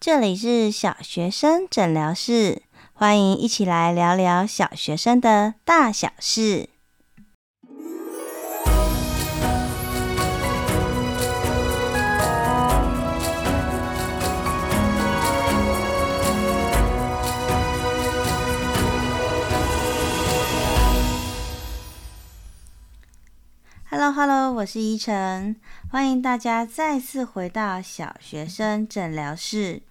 這裡是小學生診聊室，歡迎一起來聊聊小學生的大小事。Hello, Hello，我是依晨，歡迎大家再次回到小學生診聊室。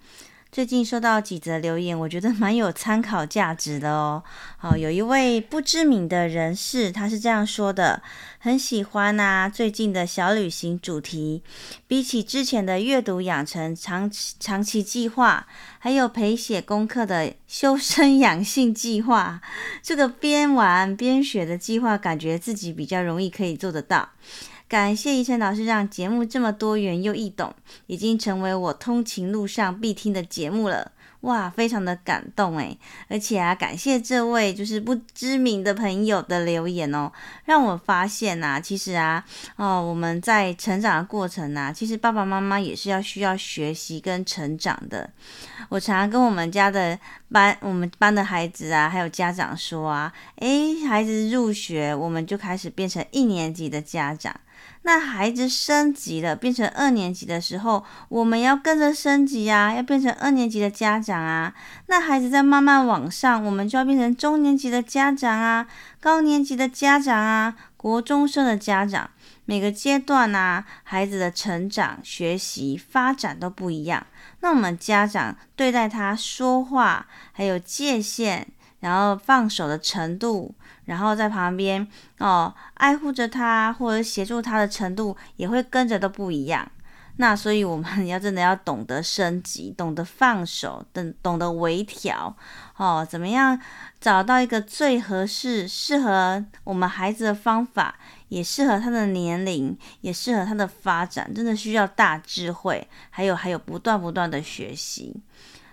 最近收到幾則留言，我覺得蠻有參考價值的哦。好、哦，有一位不知名的人士，他是這樣說的。很喜歡吶、啊，最近的小旅行主題，比起之前的閱讀養成長長期計劃，還有陪寫功課的修身養性計劃，這個邊玩邊學的計劃，感覺自己比較容易可以做得到。感謝怡蓁老師讓節目這麼多元又易懂，已經成為我通勤路上必聽的節目了。哇，非常的感動誒，而且啊，感謝這位就是不知名的朋友的留言哦，讓我發現啊，其實啊，哦，我們在成長的過程啊，其實爸爸媽媽也是要需要學習跟成長的。我常常跟我們家的班、我們班的孩子啊，還有家長說啊，欸，孩子入學，我們就開始變成一年級的家長。那孩子升級了，變成二年級的時候，我們要跟着升級啊，要變成二年級的家長啊。那孩子在慢慢往上，我們就要變成中年級的家長啊，高年級的家長啊，國中生的家長。每個階段啊，孩子的成長、學習、發展都不一樣。那我們家長對待他說話，還有界限。然後放手的程度，然後在旁邊哦，愛護着他或者協助他的程度也會跟着都不一樣。那所以我們要真的要懂得升級，懂得放手，懂懂得微調哦，怎麼樣找到一個最合適、適合我們孩子的方法，也適合他的年齡，也適合他的發展，真的需要大智慧，還有還有不斷不斷的學習。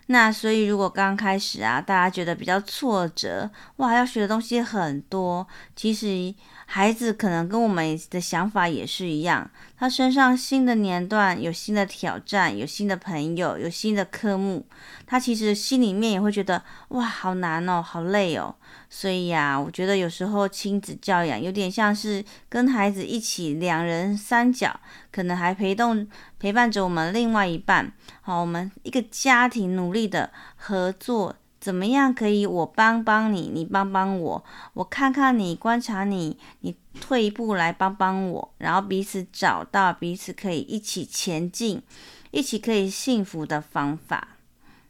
那所以，如果剛開始啊，大家覺得比較挫折，哇，要學的東西很多，其實。孩子可能跟我們的想法也是一樣，他身上新的年段有新的挑戰，有新的朋友，有新的科目，他其實心裡面也會覺得哇，好難哦，好累哦。所以呀，我覺得有時候親子教養有點像是跟孩子一起兩人三腳，可能還陪同陪伴着我們另外一半，好，我們一個家庭努力的合作，怎麼樣可以？我幫幫你，你幫幫我，我看看你，觀察你，你退一步來幫幫我，然後彼此找到彼此可以一起前進，一起可以幸福的方法。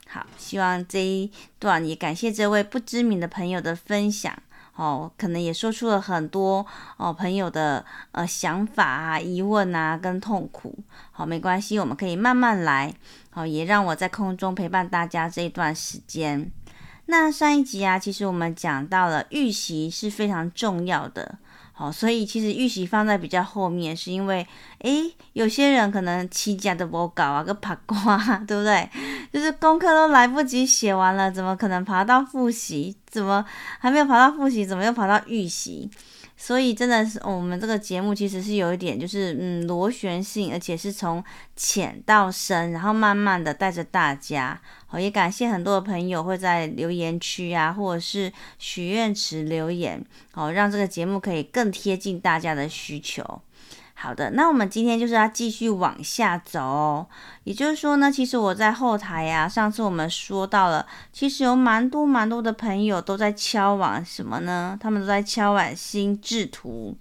好，希望這一段也感謝這位不知名的朋友的分享。哦，可能也說出了很多哦朋友的呃想法啊、疑問啊跟痛苦。好，沒關係，我們可以慢慢來。好，哦，也讓我在空中陪伴大家這一段時間。那上一集啊，其實我們講到了預習是非常重要的，好，所以其實預習放在比較後面，是因為，誒，有些人可能期假都無搞啊，個爬掛，對不對？就是功課都來不及寫完了，怎麼可能爬到復習？怎麼還沒有爬到復習？怎麼又爬到預習？所以真的是，我們這個節目其實是有一點，就是嗯，螺旋性，而且是從淺到深，然後慢慢的帶着大家。哦，也感謝很多的朋友會在留言區啊，或者是許願池留言，哦，讓這個節目可以更貼近大家的需求。好的，那我們今天就是要繼續往下走，哦。也就是說呢，其實我在後台呀、啊，上次我們說到了，其實有蠻多蠻多的朋友都在敲碗什麼呢？他們都在敲碗心智圖，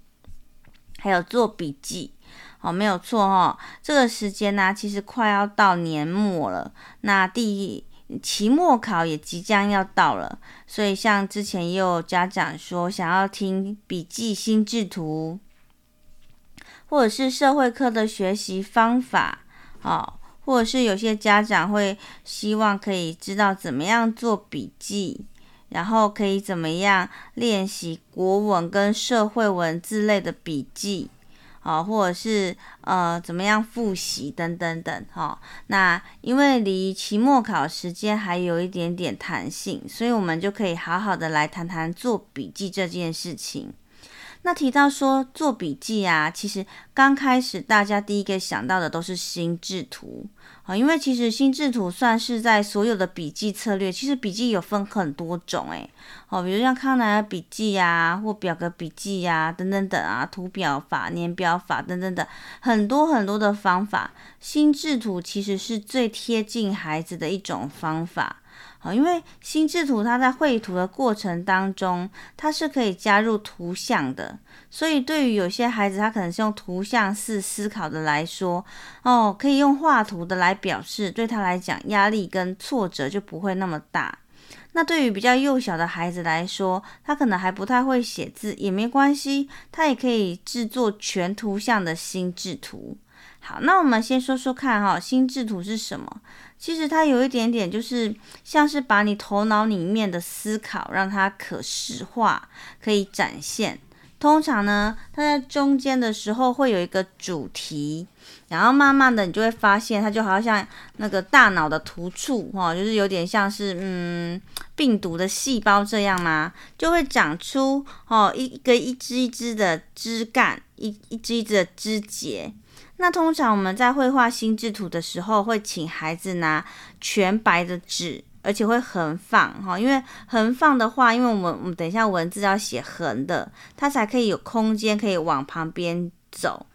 還有做筆記。好，沒有錯哈，哦。這個時間呢、啊，其實快要到年末了，那第一期末考也即將要到了，所以像之前也有家長說想要聽筆記心智圖。或者是社會課的學習方法，好、哦，或者是有些家長會希望可以知道怎麼樣做筆記，然後可以怎麼樣練習國文跟社會文之類的筆記，好、哦，或者是呃怎麼樣複習等等等，哈、哦，那因為離期末考時間還有一點點彈性，所以我們就可以好好的來談談做筆記這件事情。那提到說做筆記啊，其實剛開始大家第一個想到的都是心智圖啊、哦，因為其實心智圖算是在所有的筆記策略，其實筆記有分很多種誒。哦，比如像康奈爾筆記呀、啊，或表格筆記呀、啊，等等等啊，圖表法、年表法等等的很多很多的方法，心智圖其實是最貼近孩子的一種方法。啊，因為心智圖它在繪圖的過程當中，它是可以加入圖像的，所以對於有些孩子，他可能是用圖像式思考的來說，哦，可以用畫圖的來表示，對他來講壓力跟挫折就不會那麼大。那對於比較幼小的孩子來說，他可能還不太會寫字，也沒關係，他也可以制作全圖像的心智圖。好，那我們先說說看哈、哦，心智圖是什麼？其實它有一點點，就是像是把你頭腦裡面的思考讓它可視化，可以展現。通常呢，它在中間的時候會有一個主題，然後慢慢的你就會發現，它就好像那個大腦的突觸哈、哦，就是有點像是嗯病毒的細胞這樣嘛，就會長出哦一個一支一支的枝幹，一一支一支的枝節。那通常我們在繪畫心智圖的時候，會請孩子拿全白的紙，而且會橫放哈、哦，因為橫放的話，因為我們我們等一下文字要寫橫的，它才可以有空間可以往旁邊走。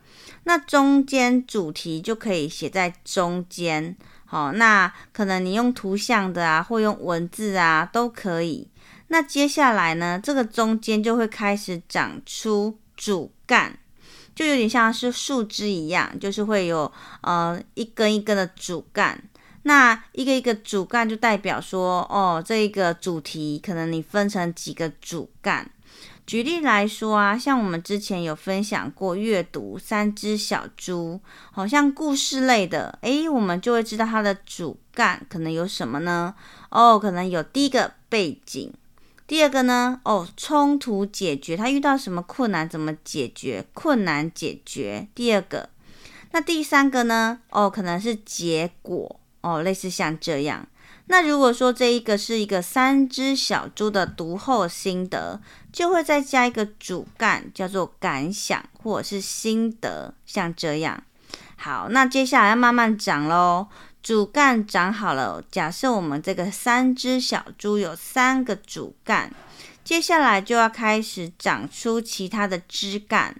那中間主題就可以寫在中間，好、哦，那可能你用圖像的啊，或用文字啊都可以。那接下來呢，這個中間就會開始長出主幹。就有點像是樹枝一樣，就是會有呃一根一根的主幹，那一個一個主幹就代表說，哦，這一個主題可能你分成幾個主幹。舉例來說啊，像我們之前有分享過閱讀三隻小豬，好像故事類的，誒、欸，我們就會知道它的主幹可能有什麼呢？哦，可能有第一個背景。第二個呢？哦，衝突解決，他遇到什麼困難，怎麼解決？困難解決，第二個。那第三個呢？哦，可能是結果，哦，類似像這樣。那如果說，這一個是一個三只小豬的讀後心得，就會再加一個主幹，叫做感想或者是心得，像這樣。好，那接下來要慢慢講嘍。主幹長好了，假設我們這個三隻小豬有三個主幹，接下來就要開始長出其他的枝幹。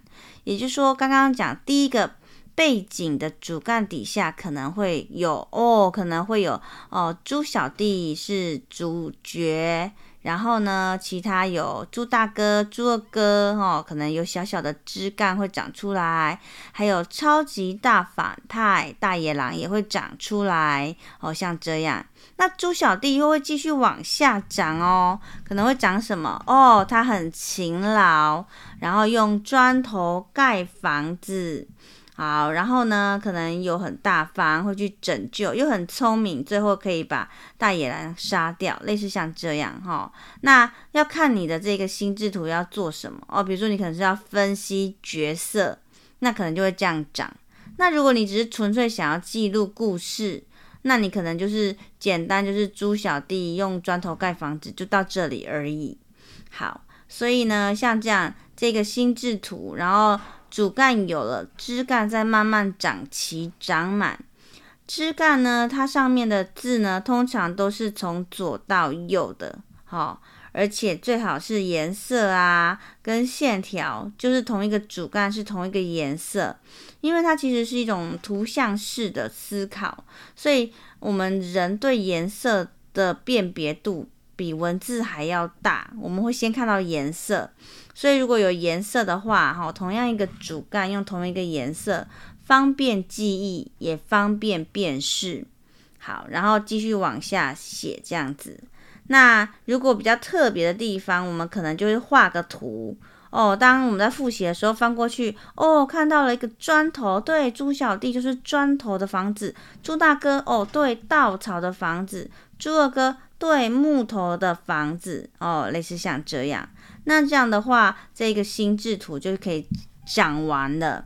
也就是說，剛剛講第一個背景的主幹底下可能會有哦，可能會有哦，豬小弟是主角。然後呢，其他有豬大哥、豬二哥，哈、哦，可能有小小的枝幹會長出來，還有超級大反派大野狼也會長出來，哦，像這樣。那豬小弟又會繼續往下長哦，可能會長什麼？哦，他很勤勞，然後用磚頭蓋房子。好，然後呢，可能有很大方，會去拯救，又很聰明，最後可以把大野狼殺掉，類似像這樣哈、哦。那要看你的這個心智圖要做什麼哦。比如說，你可能是要分析角色，那可能就會這樣講。那如果你只是純粹想要記錄故事，那你可能就是簡單就是豬小弟用磚頭蓋房子，就到這裡而已。好，所以呢，像這樣這個心智圖，然後。主幹有了，枝幹再慢慢長齊、長滿。枝幹呢，它上面的字呢，通常都是從左到右的，好、哦，而且最好是顏色啊跟線條，就是同一個主幹是同一個顏色，因為它其實是一種圖像式的思考，所以我們人對顏色的辨別度。比文字還要大，我們會先看到顏色，所以如果有顏色的話，好，同樣一個主幹用同一個顏色，方便記憶也方便辨識。好，然後繼續往下寫這樣子。那如果比較特別的地方，我們可能就會畫個圖哦。當我們在複習的時候翻過去，哦，看到了一個磚頭，對，豬小弟就是磚頭的房子，豬大哥，哦，對，稻草的房子，豬二哥。對，木頭的房子哦，類似像這樣。那這樣的話，這個心智圖就可以講完了。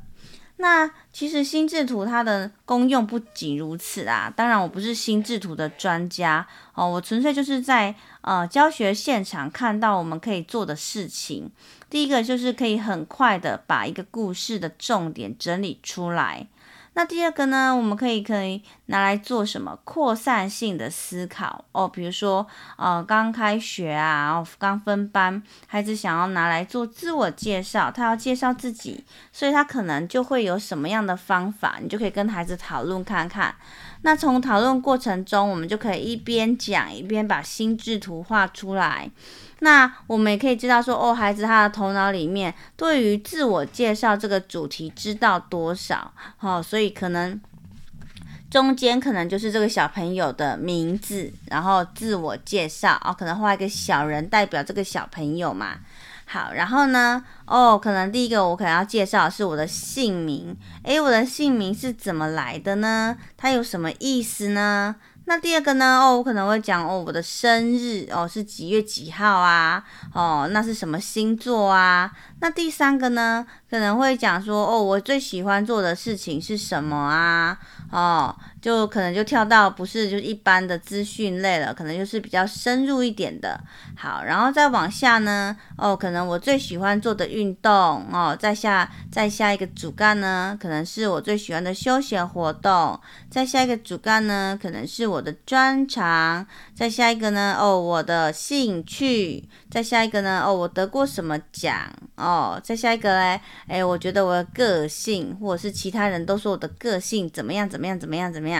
那其實心智圖它的功用不僅如此啊，當然我不是心智圖的專家哦，我純粹就是在呃教學現場看到我們可以做的事情。第一個就是可以很快的把一個故事的重點整理出來。那第二個呢，我們可以可以拿來做什麼擴散性的思考哦，比如說，呃，剛開學啊，然後剛分班，孩子想要拿來做自我介紹，他要介紹自己，所以他可能就會有什麼樣的方法，你就可以跟孩子討論看看。那從討論過程中，我們就可以一邊講一邊把心智圖畫出來。那我們也可以知道說，哦，孩子他的頭腦裡面對於自我介紹這個主題知道多少？好，哦，所以可能中間可能就是這個小朋友的名字，然後自我介紹哦，可能畫一個小人代表這個小朋友嘛。好，然後呢？哦，可能第一個我可能要介紹的是我的姓名。誒，我的姓名是怎麼來的呢？它有什麼意思呢？那第二個呢？哦，我可能會講哦，我的生日哦是幾月幾號啊？哦，那是什麼星座啊？那第三個呢？可能會講說哦，我最喜歡做的事情是什麼啊？哦。就可能就跳到不是就是一般的資訊類了，可能就是比較深入一點的。好，然後再往下呢，哦，可能我最喜歡做的運動哦。再下再下一個主幹呢，可能是我最喜歡的休閒活動。再下一個主幹呢，可能是我的專長。再下一個呢，哦，我的興趣。再下一個呢，哦，我得過什麼獎哦。再下一個嘞，哎，我覺得我的個性，或者是其他人都說我的個性怎麼樣怎麼樣怎麼樣怎麼樣。怎麼樣怎麼樣怎麼樣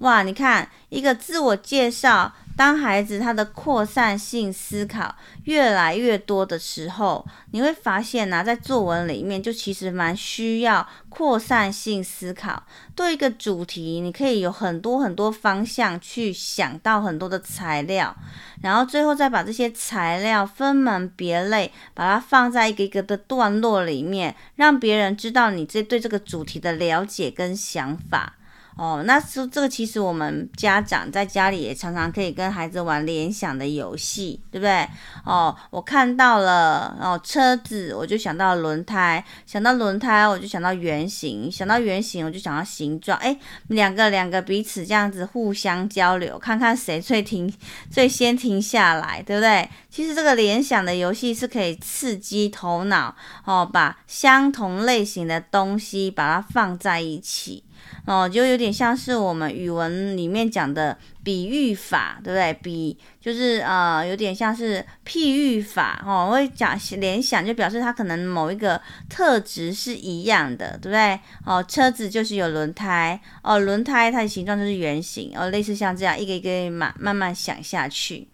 哇！你看，一個自我介紹，當孩子他的擴散性思考越來越多的時候，你會發現呢，啊，在作文裡面就其實蠻需要擴散性思考。對一個主題，你可以有很多很多方向去想到很多的材料，然後最後再把這些材料分門別類，把它放在一個一個的段落裡面，讓別人知道你這對這個主題的了解跟想法。哦，那這這個其實我們家長在家裡也常常可以跟孩子玩聯想的遊戲，對不對？哦，我看到了哦，車子我就想到輪胎，想到輪胎我就想到圓形，想到圓形我就想到形狀，誒，兩個兩個彼此這樣子互相交流，看看誰最停最先停下來，對不對？其實這個聯想的遊戲是可以刺激頭腦，哦，把相同類型的東西把它放在一起。哦，就有點像是我們語文裡面講的比喻法，對不對？比就是呃，有點像是譬喻法哦，我會講聯想，就表示它可能某一個特質是一樣的，對不對？哦，車子就是有輪胎哦，輪胎它的形狀就是圓形哦，類似像這樣一個，一個一個慢慢慢想下去。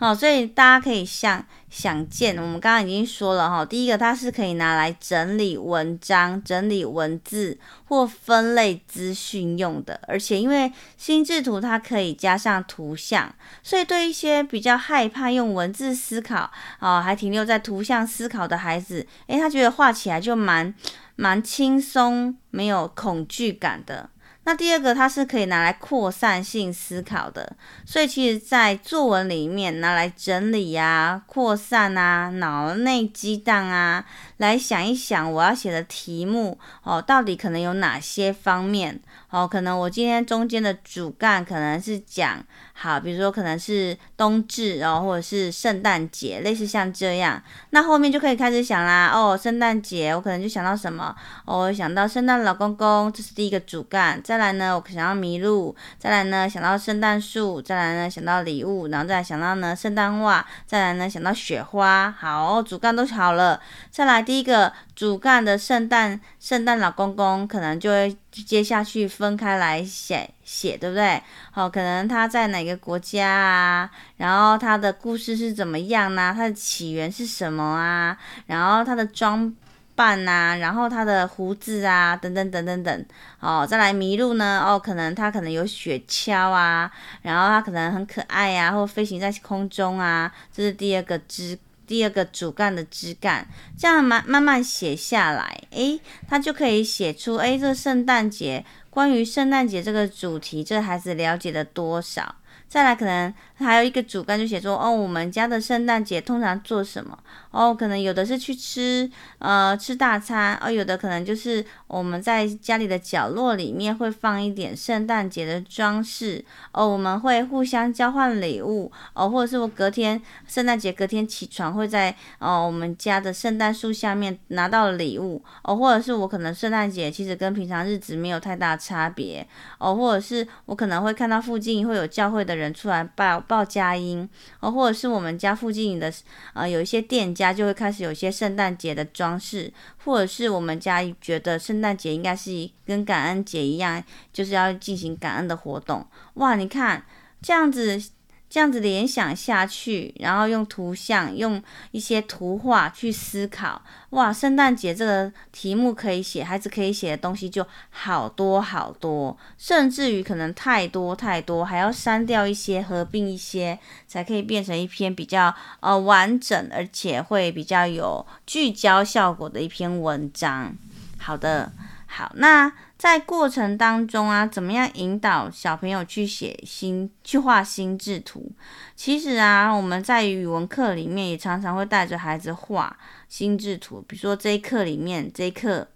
好、哦，所以大家可以想想見，我們剛剛已經說了哈、哦，第一個它是可以拿來整理文章、整理文字或分類資訊用的，而且因為心智圖它可以加上圖像，所以對一些比較害怕用文字思考啊、哦，還停留在圖像思考的孩子，誒，他覺得畫起來就蠻蠻輕鬆，沒有恐懼感的。那第二個，它是可以拿來擴散性思考的，所以其實，在作文裡面拿來整理呀、啊、擴散啊、腦內激盪啊。來想一想，我要寫的題目哦，到底可能有哪些方面哦？可能我今天中間的主幹可能是講好，比如說可能是冬至哦，或者是聖誕節，類似像這樣，那後面就可以開始想啦哦。聖誕節我可能就想到什麼哦？我想到聖誕老公公，這是第一個主幹。再來呢，我想到麋鹿；再來呢，想到聖誕樹；再來呢，想到禮物；然後再來想到呢，聖誕襪；再來呢，想到雪花。好，哦，主幹都好了，再來。第一個主幹的聖誕聖誕老公公可能就會接下去分開來寫寫，對不對？哦，可能他在哪個國家啊？然後他的故事是怎麼樣呢、啊？他的起源是什麼啊？然後他的裝扮吶、啊？然後他的鬍子啊？等等等等等，等哦，再來麋鹿呢？哦，可能他可能有雪橇啊，然後他可能很可愛呀、啊，或飛行在空中啊，這是第二個枝，第二個主幹的枝幹，這樣慢慢慢寫下來，誒，他就可以寫出，誒，這個聖誕節，關於聖誕節這個主題，這孩子了解了多少？再來可能。還有一個主幹就寫說，哦，我們家的聖誕節通常做什麼？哦，可能有的是去吃，呃，吃大餐。哦，有的可能就是我們在家裡的角落裡面會放一點聖誕節的裝飾。哦，我們會互相交換禮物。哦，或者是我隔天聖誕節隔天起床會在哦我們家的聖誕樹下面拿到禮物。哦，或者是我可能聖誕節其實跟平常日子沒有太大差別。哦，或者是我可能會看到附近會有教會的人出來報。報佳音，哦，或者是我們家附近的，呃，有一些店家就會開始有一些聖誕節的裝飾，或者是我們家覺得聖誕節應該是跟感恩節一樣，就是要進行感恩的活動。哇，你看，這樣子。這樣子聯想下去，然後用圖像、用一些圖畫去思考，哇，聖誕節這個題目可以寫，孩子可以寫的東西就好多好多，甚至於可能太多太多，還要刪掉一些、合併一些，才可以變成一篇比較，呃，完整，而且會比較有聚焦效果的一篇文章。好的，好，那。在過程當中啊，怎麼樣引導小朋友去寫心、去畫心智圖？其實啊，我們在語文課裡面也常常會帶着孩子畫心智圖。比如說，這一課裡面，這一課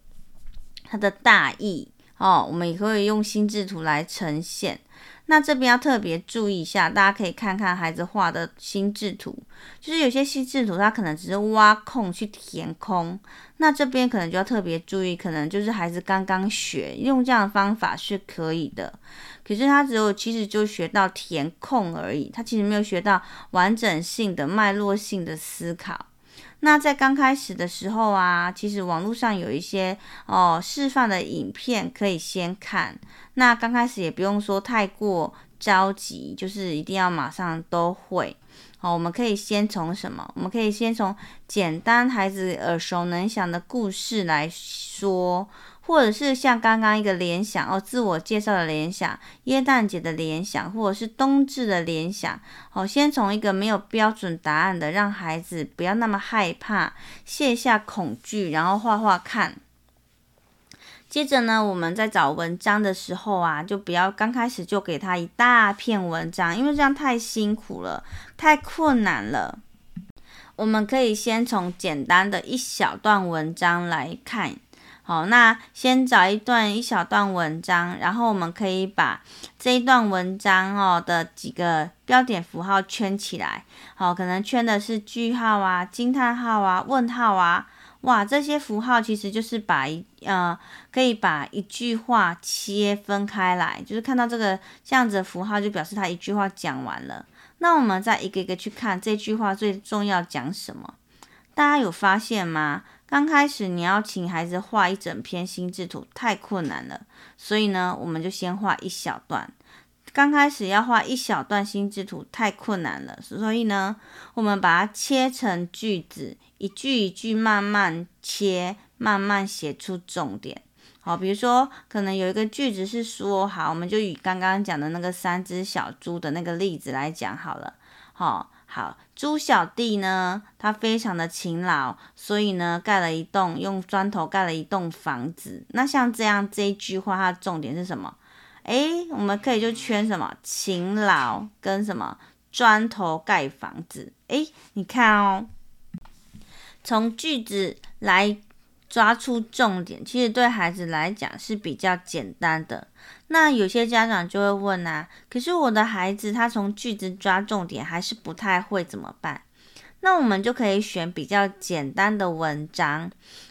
它的大意哦，我們也可以用心智圖來呈現。那這邊要特別注意一下，大家可以看看孩子畫的心智圖，就是有些心智圖他可能只是挖空去填空，那這邊可能就要特別注意，可能就是孩子剛剛學用這樣的方法是可以的，可是他只有其實就學到填空而已，他其實沒有學到完整性的脈絡性的思考。那在剛開始的時候啊，其實網絡上有一些哦示範的影片可以先看。那剛開始也不用說太過着急，就是一定要馬上都會。好，我們可以先從什麼？我們可以先從簡單孩子耳熟能詳的故事來說。或者是像剛剛一個聯想哦，自我介紹的聯想，耶誕節的聯想，或者是冬至的聯想。好、哦，先從一個沒有標準答案的，讓孩子不要那麼害怕，卸下恐懼，然後畫畫看。接着呢，我們在找文章的時候啊，就不要剛開始就給他一大篇文章，因為這樣太辛苦了，太困難了。我們可以先從簡單的一小段文章來看。哦，那先找一段一小段文章，然後我們可以把這一段文章哦的幾個標點符號圈起來。好，可能圈的是句號啊、驚嘆號啊、問號啊。哇，這些符號其實就是把一呃，可以把一句話切分開來，就是看到這個這樣子的符號，就表示他一句話講完了。那我們再一個一個去看這句話最重要講什麼，大家有發現嗎？剛開始你要請孩子畫一整篇心智圖太困難了，所以呢，我們就先畫一小段。剛開始要畫一小段心智圖太困難了，所以呢，我們把它切成句子，一句一句慢慢切，慢慢寫出重點。好，比如說可能有一個句子是說，好，我們就以剛剛講的那個三隻小豬的那個例子來講好了。好。好，豬小弟呢，他非常的勤勞，所以呢，蓋了一棟，用磚頭蓋了一棟房子。那像這樣這一句話，它的重點是什麼？哎，我們可以就圈什麼？勤勞跟什麼？磚頭蓋房子。哎，你看哦，從句子來。抓出重點，其實對孩子來講是比較簡單的。那有些家長就會問啊，可是我的孩子他從句子抓重點還是不太會，怎麼辦？那我們就可以選比較簡單的文章，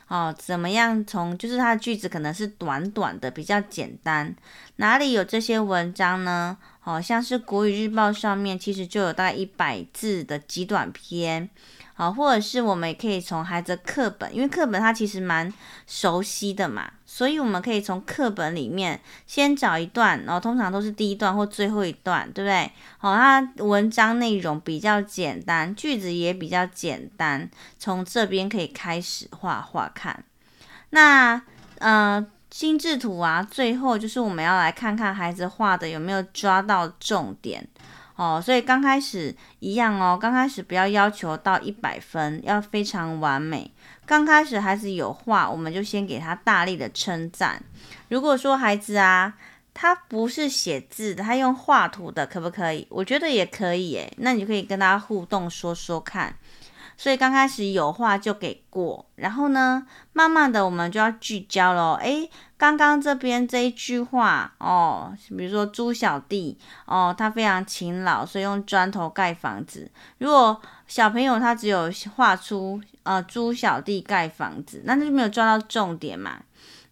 哦，怎麼樣從就是他的句子可能是短短的，比較簡單。哪裡有這些文章呢？哦，像是國語日報上面其實就有大概一百字的極短篇。啊，或者是我們也可以從孩子課本，因為課本他其實蠻熟悉的嘛，所以我們可以從課本裡面先找一段，然後，通常都是第一段或最後一段，對不對？好，它文章內容比較簡單，句子也比較簡單，從這邊可以開始畫畫看。那呃，心智圖啊，最後就是我們要來看看孩子畫的有沒有抓到重點。哦，所以剛開始一樣哦，剛開始不要要求到一百分，要非常完美。剛開始孩子有畫，我們就先給他大力的稱讚。如果說孩子啊，他不是寫字的，他用畫圖的，可不可以？我覺得也可以誒，那你就可以跟他互動說說看。所以剛開始有畫就給過，然後呢，慢慢的我們就要聚焦嘍。誒。剛剛這邊這一句話哦，比如說豬小弟哦，他非常勤勞，所以用磚頭蓋房子。如果小朋友他只有畫出呃豬小弟蓋房子，那他就沒有抓到重點嘛。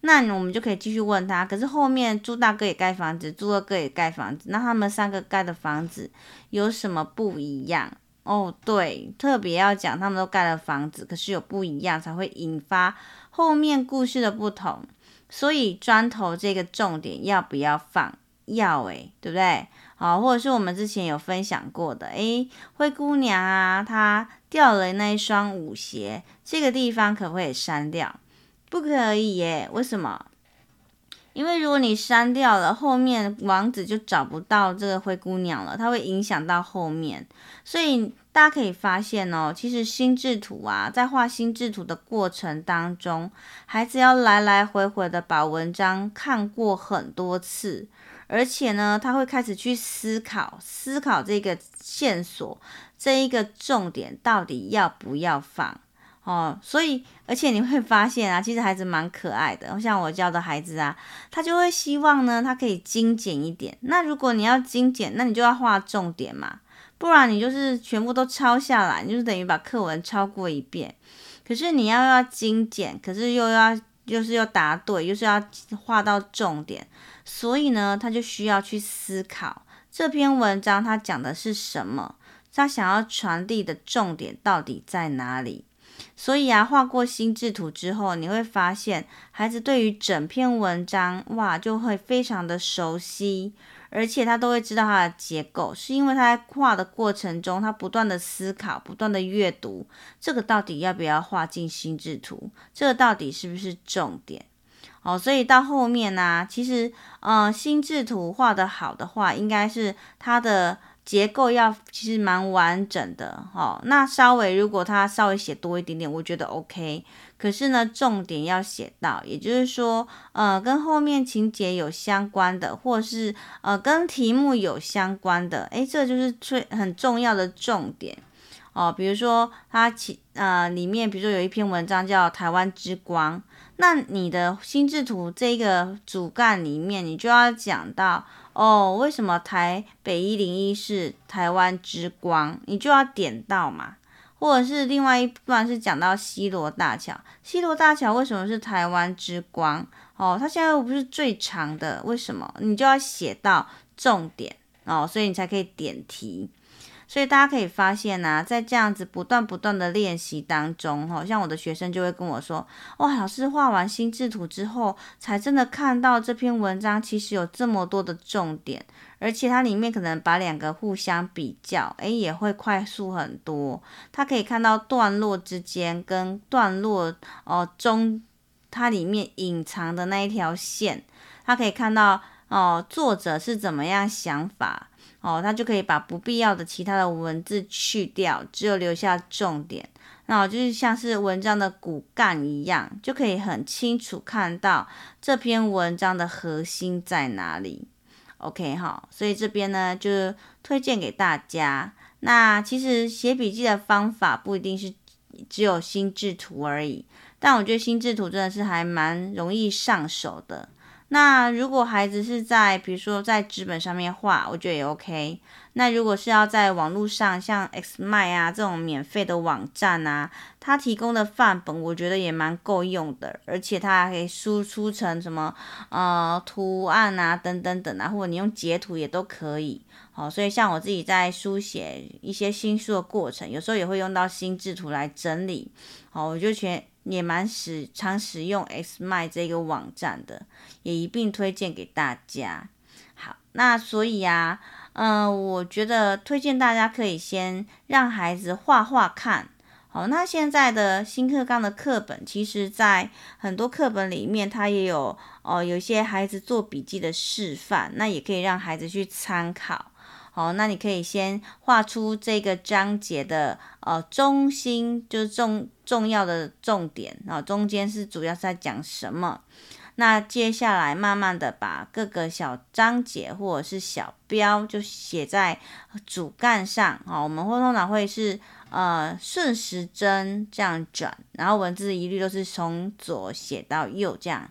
那我們就可以繼續問他，可是後面豬大哥也蓋房子，豬二哥也蓋房子，那他們三個蓋的房子有什麼不一樣？哦，對，特別要講他們都蓋了房子，可是有不一樣，才會引發後面故事的不同。所以磚頭這個重點要不要放？要誒，對不對？好，或者是我們之前有分享過的，誒，灰姑娘啊，她掉了那一雙舞鞋，這個地方可不可以刪掉？不可以耶，為什麼？因為如果你刪掉了，後面王子就找不到這個灰姑娘了，它會影響到後面，所以。大家可以發現哦，其實心智圖啊，在畫心智圖的過程當中，孩子要來來回回的把文章看過很多次，而且呢，他會開始去思考，思考這個線索，這一個重點到底要不要放哦。所以，而且你會發現啊，其實孩子蠻可愛的，像我教的孩子啊，他就會希望呢，他可以精簡一點。那如果你要精簡，那你就要畫重點嘛。不然你就是全部都抄下來，你就是等於把課文抄過一遍。可是你要要精簡，可是又要、就是、又是要答對，又、就是要畫到重點。所以呢，他就需要去思考這篇文章他講的是什麼，他想要傳遞的重點到底在哪裡。所以啊，畫過心智圖之後，你會發現孩子對於整篇文章哇就會非常的熟悉。而且他都會知道它的結構，是因為他在畫的過程中，他不斷的思考，不斷的閱讀，這個到底要不要畫進心智圖？這個到底是不是重點？哦，所以到後面呢、啊，其實，呃，心智圖畫得好的話，應該是它的結構要其實蠻完整的。哦，那稍微如果他稍微寫多一點點，我覺得 OK。可是呢，重點要寫到，也就是說，呃，跟後面情節有相關的，或是呃，跟題目有相關的，誒，這就是最很重要的重點哦、呃。比如說他，它其呃裡面，比如說有一篇文章叫《台灣之光》，那你的心智圖這個主幹裡面，你就要講到哦，為什麼台北一零一是台灣之光，你就要點到嘛。或者是另外一段是講到西螺大橋，西螺大橋為什麼是台灣之光？哦，它現在又不是最長的，為什麼？你就要寫到重點哦，所以你才可以點題。所以大家可以發現吶、啊，在這樣子不斷不斷的練習當中，哈，像我的學生就會跟我說：“哇，老師畫完心智圖之後，才真的看到這篇文章其實有這麼多的重點，而且它裡面可能把兩個互相比較，誒、欸，也會快速很多。他可以看到段落之間跟段落哦、呃、中，它裡面隱藏的那一條線，他可以看到哦、呃、作者是怎麼樣想法。”哦，它就可以把不必要的其他的文字去掉，只有留下重點，那就是像是文章的骨幹一樣，就可以很清楚看到這篇文章的核心在哪裡。OK，好，哦，所以這邊呢就推薦給大家。那其實寫筆記的方法不一定是只有心智圖而已，但我覺得心智圖真的是還蠻容易上手的。那如果孩子是在，比如說在紙本上面畫，我覺得也 OK。那如果是要在網絡上，像 Xmind 啊這種免費的網站啊，它提供的範本，我覺得也蠻夠用的，而且它還可以輸出成什麼呃圖案啊等等等等啊，或者你用截圖也都可以。好，所以像我自己在書寫一些新書的過程，有時候也會用到心智圖來整理。好，我就全。也蠻時常使用 XMind 這個網站的，也一併推薦給大家。好，那所以啊，嗯，我覺得推薦大家可以先讓孩子畫畫看。好，那現在的新課綱的課本，其實在很多課本裡面，它也有哦，有些孩子做筆記的示範，那也可以讓孩子去參考。好，那你可以先畫出這個章節的呃中心，就是重重要的重點啊，然後中間是主要是在講什麼。那接下來慢慢的把各個小章節或者是小標就寫在主幹上，好，我們會通常會是呃順時針這樣轉，然後文字一律都是從左寫到右這樣。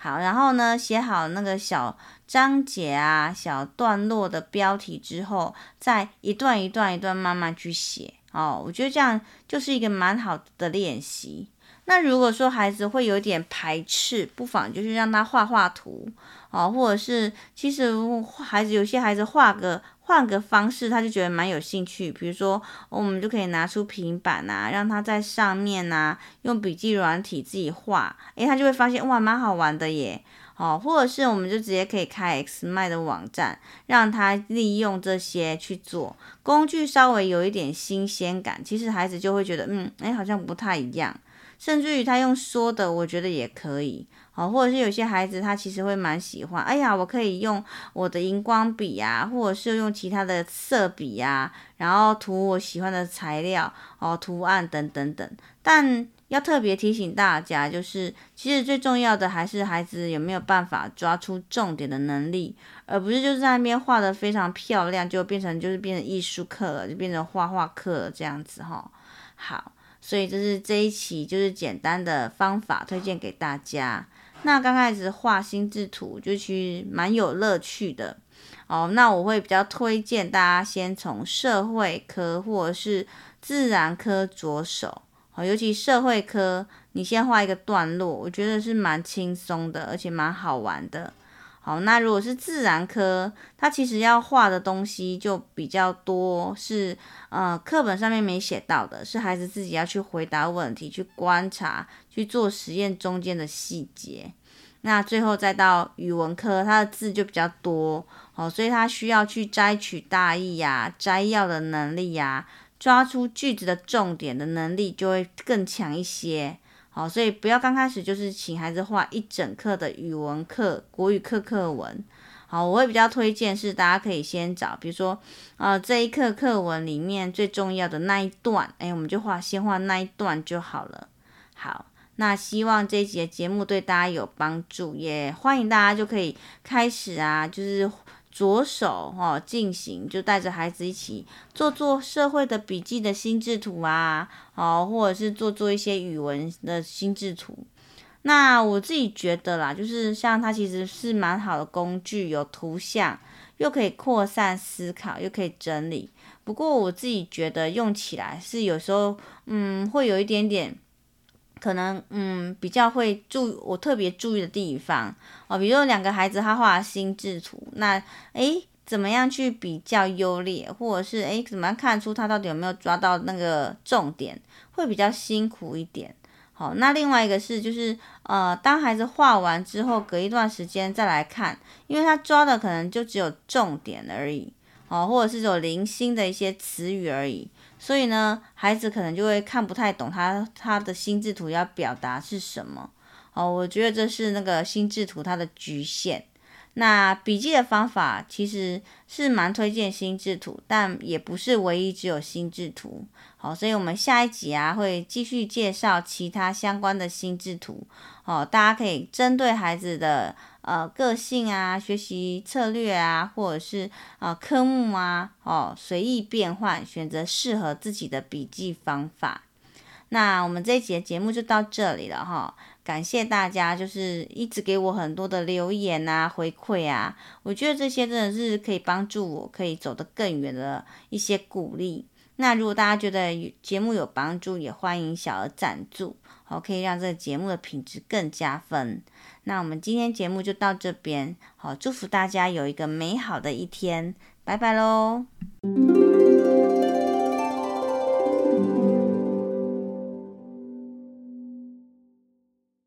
好，然後呢，寫好那個小章節啊、小段落的標題之後，再一段一段一段慢慢去寫哦。我覺得這樣就是一個蠻好的練習。那如果說孩子會有點排斥，不妨就是讓他畫畫圖哦，或者是其實孩子有些孩子畫個。換個方式，他就覺得蠻有興趣。比如說，我們就可以拿出平板啊，讓他在上面啊，用筆記軟體自己畫，誒、欸，他就會發現哇，蠻好玩的耶。好、哦，或者是我們就直接可以開 X 麥的網站，讓他利用這些去做工具，稍微有一點新鮮感，其實孩子就會覺得嗯，誒、欸，好像不太一樣。甚至於他用說的，我覺得也可以，好，或者是有些孩子他其實會蠻喜歡，哎呀，我可以用我的熒光筆呀，啊，或者是用其他的色筆呀，啊，然後塗我喜歡的材料哦，圖案等等等。但要特別提醒大家，就是其實最重要的還是孩子有沒有辦法抓出重點的能力，而不是就是在那邊畫得非常漂亮，就變成就是變成藝術課了，就變成畫畫課了這樣子哈，哦。好。所以就是這一期就是簡單的方法推薦給大家。那剛開始畫心智圖就其實蠻有樂趣的哦。那我會比較推薦大家先從社會科或者是自然科着手，好，尤其社會科，你先畫一個段落，我覺得是蠻輕鬆的，而且蠻好玩的。好，那如果是自然科，它其實要畫的東西就比較多，是呃課本上面沒寫到的，是孩子自己要去回答問題、去觀察、去做實驗中間的細節。那最後再到語文科，它的字就比較多，哦，所以他需要去摘取大意呀、啊、摘要的能力呀、啊、抓出句子的重點的能力，就會更強一些。好，哦，所以不要剛開始就是請孩子畫一整課的語文課、國語課課文。好，我會比較推薦是大家可以先找，比如說，呃，這一課課文裡面最重要的那一段，哎，我們就畫，先畫那一段就好了。好，那希望這一集的節目對大家有幫助，也歡迎大家就可以開始啊，就是。着手哦，進行就帶着孩子一起做做社會的筆記的心智圖啊，哦，或者是做做一些語文的心智圖。那我自己覺得啦，就是像它其實是蠻好的工具，有圖像，又可以擴散思考，又可以整理。不過我自己覺得用起來是有時候，嗯，會有一點點。可能嗯，比較會注意我特別注意的地方哦，比如兩個孩子他畫心智圖，那誒、欸、怎麼樣去比較優劣，或者是誒、欸、怎麼樣看出他到底有沒有抓到那個重點，會比較辛苦一點。好，那另外一個是就是呃，當孩子畫完之後，隔一段時間再來看，因為他抓的可能就只有重點而已，好、哦，或者是有零星的一些詞語而已。所以呢，孩子可能就會看不太懂他他的心智圖要表達是什麼哦。我覺得這是那個心智圖它的局限。那筆記的方法其實是蠻推薦心智圖，但也不是唯一只有心智圖。好，所以我們下一集啊會繼續介紹其他相關的心智圖哦。大家可以針對孩子的，呃，個性啊，學習策略啊，或者是呃科目啊，哦，隨意變換，選擇適合自己的筆記方法。那我們這一節節目就到這裡了哈、哦，感謝大家，就是一直給我很多的留言啊、回饋啊，我覺得這些真的是可以幫助我，可以走得更遠的一些鼓勵。那如果大家覺得節目有幫助，也歡迎小額贊助，好、哦，可以讓這個節目的品質更加分。那我們今天節目就到這邊，好，祝福大家有一個美好的一天，拜拜嘍。